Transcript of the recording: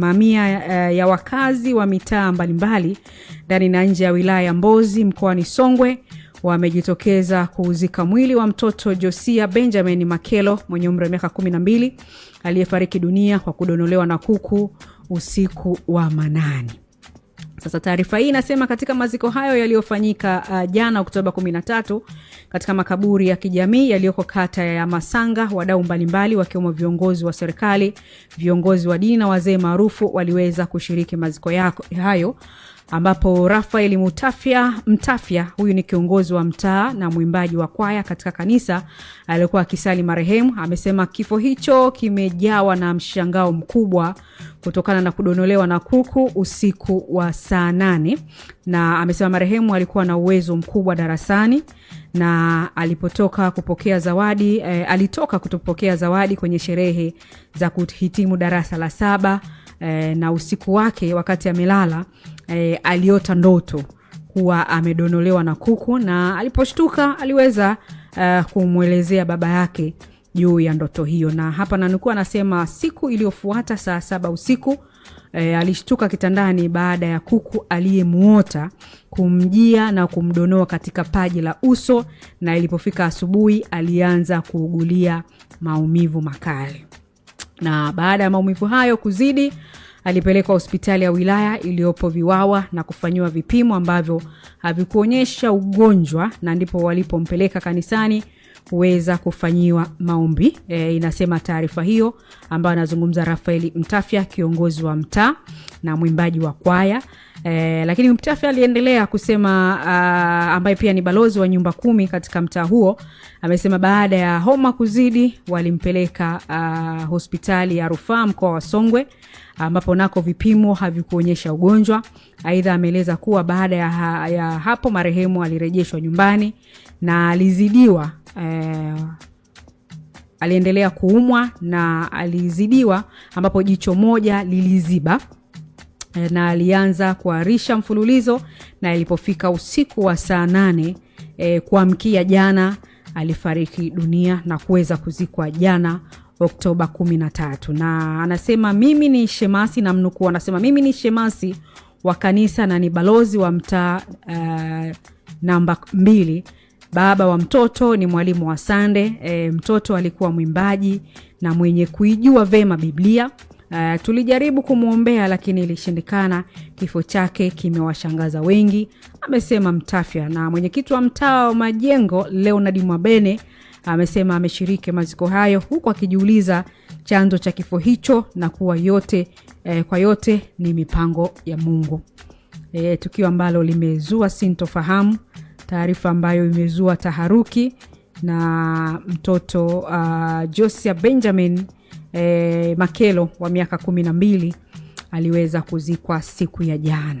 Mamia uh, ya wakazi wa mitaa mbalimbali ndani na nje ya wilaya ya Mbozi mkoani Songwe wamejitokeza kuuzika mwili wa mtoto Josia Benjamin Makelo mwenye umri wa miaka 12 aliyefariki dunia kwa kudonolewa na kuku usiku wa manani sasa taarifa hii inasema katika maziko hayo yaliyofanyika uh, jana Oktoba 13 katika makaburi ya kijamii yaliyoko kata ya Masanga, wadau mbalimbali wakiwemo viongozi wa serikali, viongozi wa dini na wazee maarufu waliweza kushiriki maziko yako, hayo ambapo Rafael mutafya Mtafya, huyu ni kiongozi wa mtaa na mwimbaji wa kwaya katika kanisa aliyokuwa akisali marehemu, amesema kifo hicho kimejawa na mshangao mkubwa kutokana na kudonolewa na kuku usiku wa saa nane, na amesema marehemu alikuwa na uwezo mkubwa darasani na alipotoka kupokea zawadi eh, alitoka kutopokea zawadi kwenye sherehe za kuhitimu darasa la saba Eh, na usiku wake wakati amelala eh, aliota ndoto kuwa amedonolewa na kuku na aliposhtuka aliweza uh, kumwelezea baba yake juu ya ndoto hiyo, na hapa nanukuu, anasema siku iliyofuata saa saba usiku e, alishtuka kitandani baada ya kuku aliyemuota kumjia na kumdonoa katika paji la uso, na ilipofika asubuhi alianza kuugulia maumivu makali na baada ya maumivu hayo kuzidi alipelekwa hospitali ya wilaya iliyopo Viwawa na kufanyiwa vipimo ambavyo havikuonyesha ugonjwa, na ndipo walipompeleka kanisani kuweza kufanyiwa maombi e, inasema taarifa hiyo ambayo anazungumza Rafaeli Mtafya, kiongozi wa mtaa na mwimbaji wa kwaya E, lakini mtafi aliendelea kusema uh, ambaye pia ni balozi wa nyumba kumi katika mtaa huo amesema baada ya homa kuzidi walimpeleka uh, hospitali ya rufaa mkoa wa Songwe ambapo nako vipimo havikuonyesha ugonjwa. Aidha, ameeleza kuwa baada ya, ha, ya hapo marehemu alirejeshwa nyumbani na alizidiwa eh, aliendelea kuumwa na alizidiwa ambapo jicho moja liliziba na alianza kuarisha mfululizo na ilipofika usiku wa saa nane e, kuamkia jana alifariki dunia na kuweza kuzikwa jana Oktoba 13, na anasema mimi ni shemasi na mnukuu, anasema mimi ni shemasi wa kanisa na ni balozi wa mtaa uh, namba mbili. Baba wa mtoto ni mwalimu wa Sande. E, mtoto alikuwa mwimbaji na mwenye kuijua vema Biblia. Uh, tulijaribu kumwombea lakini ilishindikana. Kifo chake kimewashangaza wengi, amesema Mtafya. Na mwenyekiti wa mtaa wa Majengo Leonard Mwabene amesema ameshiriki maziko hayo huku akijiuliza chanzo cha kifo hicho na kuwa yote eh, kwa yote ni mipango ya Mungu. Eh, tukio ambalo limezua sintofahamu, taarifa ambayo imezua taharuki na mtoto uh, Josia Benjamin eh, Makelo wa miaka kumi na mbili aliweza kuzikwa siku ya jana.